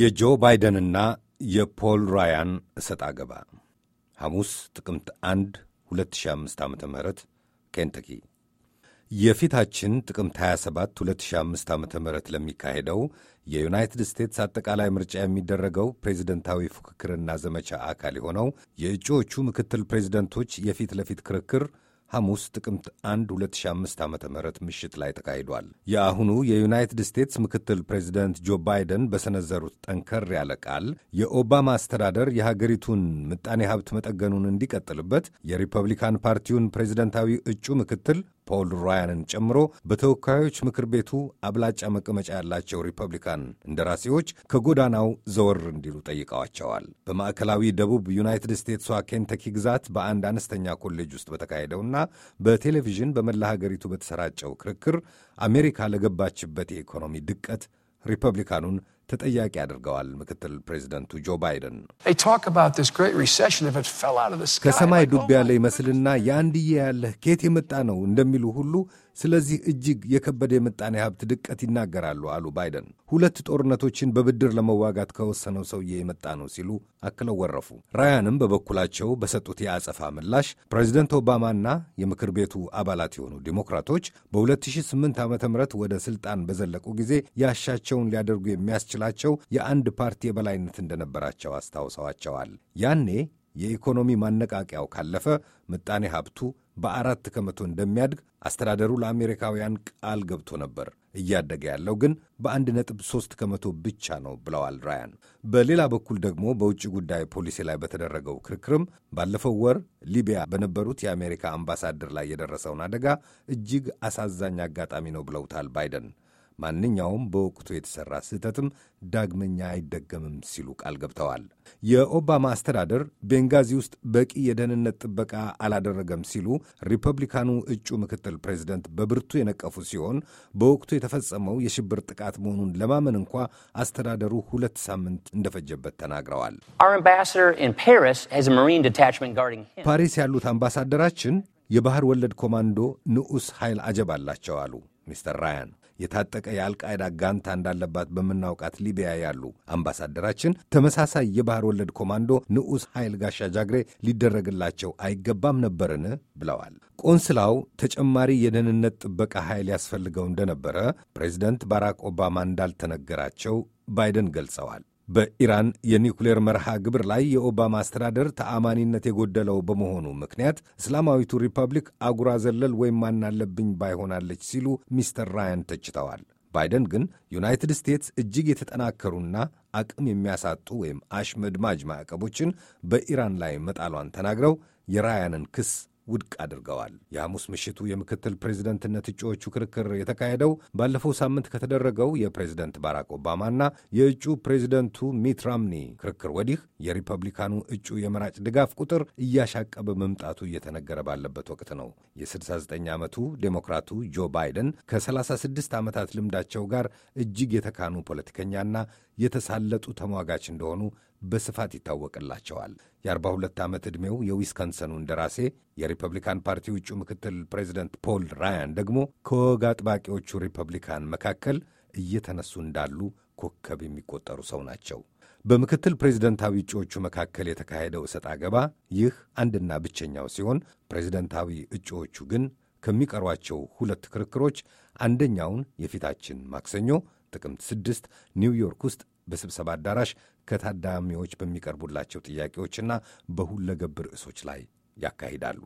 የጆ ባይደንና የፖል ራያን እሰጥ አገባ ሐሙስ ጥቅምት 1 2005 ዓ ም ኬንተኪ የፊታችን ጥቅምት 27 2005 ዓ ም ለሚካሄደው የዩናይትድ ስቴትስ አጠቃላይ ምርጫ የሚደረገው ፕሬዝደንታዊ ፉክክርና ዘመቻ አካል የሆነው የእጩዎቹ ምክትል ፕሬዝደንቶች የፊት ለፊት ክርክር ሐሙስ ጥቅምት 1 2005 ዓ ም ምሽት ላይ ተካሂዷል። የአሁኑ የዩናይትድ ስቴትስ ምክትል ፕሬዚደንት ጆ ባይደን በሰነዘሩት ጠንከር ያለ ቃል የኦባማ አስተዳደር የሀገሪቱን ምጣኔ ሀብት መጠገኑን እንዲቀጥልበት የሪፐብሊካን ፓርቲውን ፕሬዚደንታዊ እጩ ምክትል ፖል ራያንን ጨምሮ በተወካዮች ምክር ቤቱ አብላጫ መቀመጫ ያላቸው ሪፐብሊካን እንደራሴዎች ከጎዳናው ዘወር እንዲሉ ጠይቀዋቸዋል። በማዕከላዊ ደቡብ ዩናይትድ ስቴትሷ ኬንተኪ ግዛት በአንድ አነስተኛ ኮሌጅ ውስጥ በተካሄደውና በቴሌቪዥን በመላ ሀገሪቱ በተሰራጨው ክርክር አሜሪካ ለገባችበት የኢኮኖሚ ድቀት ሪፐብሊካኑን ተጠያቂ አድርገዋል። ምክትል ፕሬዚደንቱ ጆ ባይደን ከሰማይ ዱብ ያለ ይመስልና የአንድዬ ያለህ ኬት የመጣ ነው እንደሚሉ ሁሉ ስለዚህ እጅግ የከበደ የምጣኔ ሀብት ድቀት ይናገራሉ አሉ ባይደን። ሁለት ጦርነቶችን በብድር ለመዋጋት ከወሰነው ሰውዬ የመጣ ነው ሲሉ አክለው ወረፉ። ራያንም በበኩላቸው በሰጡት የአጸፋ ምላሽ ፕሬዚደንት ኦባማና የምክር ቤቱ አባላት የሆኑ ዲሞክራቶች በ2008 ዓ ም ወደ ስልጣን በዘለቁ ጊዜ ያሻቸውን ሊያደርጉ የሚያስችላቸው የአንድ ፓርቲ የበላይነት እንደነበራቸው አስታውሰዋቸዋል። ያኔ የኢኮኖሚ ማነቃቂያው ካለፈ ምጣኔ ሀብቱ በአራት ከመቶ እንደሚያድግ አስተዳደሩ ለአሜሪካውያን ቃል ገብቶ ነበር። እያደገ ያለው ግን በአንድ ነጥብ ሦስት ከመቶ ብቻ ነው ብለዋል ራያን። በሌላ በኩል ደግሞ በውጭ ጉዳይ ፖሊሲ ላይ በተደረገው ክርክርም ባለፈው ወር ሊቢያ በነበሩት የአሜሪካ አምባሳደር ላይ የደረሰውን አደጋ እጅግ አሳዛኝ አጋጣሚ ነው ብለውታል ባይደን። ማንኛውም በወቅቱ የተሰራ ስህተትም ዳግመኛ አይደገምም ሲሉ ቃል ገብተዋል። የኦባማ አስተዳደር ቤንጋዚ ውስጥ በቂ የደህንነት ጥበቃ አላደረገም ሲሉ ሪፐብሊካኑ እጩ ምክትል ፕሬዚደንት በብርቱ የነቀፉ ሲሆን በወቅቱ የተፈጸመው የሽብር ጥቃት መሆኑን ለማመን እንኳ አስተዳደሩ ሁለት ሳምንት እንደፈጀበት ተናግረዋል። ፓሪስ ያሉት አምባሳደራችን የባህር ወለድ ኮማንዶ ንዑስ ኃይል አጀብ አላቸው አሉ ሚስተር ራያን የታጠቀ የአልቃይዳ ጋንታ እንዳለባት በምናውቃት ሊቢያ ያሉ አምባሳደራችን ተመሳሳይ የባህር ወለድ ኮማንዶ ንዑስ ኃይል ጋሻ ጃግሬ ሊደረግላቸው አይገባም ነበርን ብለዋል። ቆንስላው ተጨማሪ የደህንነት ጥበቃ ኃይል ያስፈልገው እንደነበረ ፕሬዚደንት ባራክ ኦባማ እንዳልተነገራቸው ባይደን ገልጸዋል። በኢራን የኒውክሌር መርሃ ግብር ላይ የኦባማ አስተዳደር ተአማኒነት የጎደለው በመሆኑ ምክንያት እስላማዊቱ ሪፐብሊክ አጉራ ዘለል ወይም ማናለብኝ ባይሆናለች ሲሉ ሚስተር ራያን ተችተዋል። ባይደን ግን ዩናይትድ ስቴትስ እጅግ የተጠናከሩና አቅም የሚያሳጡ ወይም አሽመድማጅ ማዕቀቦችን በኢራን ላይ መጣሏን ተናግረው የራያንን ክስ ውድቅ አድርገዋል። የሐሙስ ምሽቱ የምክትል ፕሬዚደንትነት እጩዎቹ ክርክር የተካሄደው ባለፈው ሳምንት ከተደረገው የፕሬዚደንት ባራክ ኦባማና የእጩ ፕሬዚደንቱ ሚት ራምኒ ክርክር ወዲህ የሪፐብሊካኑ እጩ የመራጭ ድጋፍ ቁጥር እያሻቀበ መምጣቱ እየተነገረ ባለበት ወቅት ነው። የ69 ዓመቱ ዴሞክራቱ ጆ ባይደን ከ36 ዓመታት ልምዳቸው ጋር እጅግ የተካኑ ፖለቲከኛና የተሳለጡ ተሟጋች እንደሆኑ በስፋት ይታወቅላቸዋል። የ42 ዓመት ዕድሜው የዊስኮንሰኑ እንደራሴ የሪፐብሊካን ፓርቲ ዕጩ ምክትል ፕሬዚደንት ፖል ራያን ደግሞ ከወግ አጥባቂዎቹ ሪፐብሊካን መካከል እየተነሱ እንዳሉ ኮከብ የሚቆጠሩ ሰው ናቸው። በምክትል ፕሬዚደንታዊ እጩዎቹ መካከል የተካሄደው እሰጥ አገባ ይህ አንድና ብቸኛው ሲሆን ፕሬዚደንታዊ እጩዎቹ ግን ከሚቀሯቸው ሁለት ክርክሮች አንደኛውን የፊታችን ማክሰኞ ጥቅምት 6 ኒውዮርክ ውስጥ በስብሰባ አዳራሽ ከታዳሚዎች በሚቀርቡላቸው ጥያቄዎችና በሁለገብ ርዕሶች ላይ ያካሂዳሉ።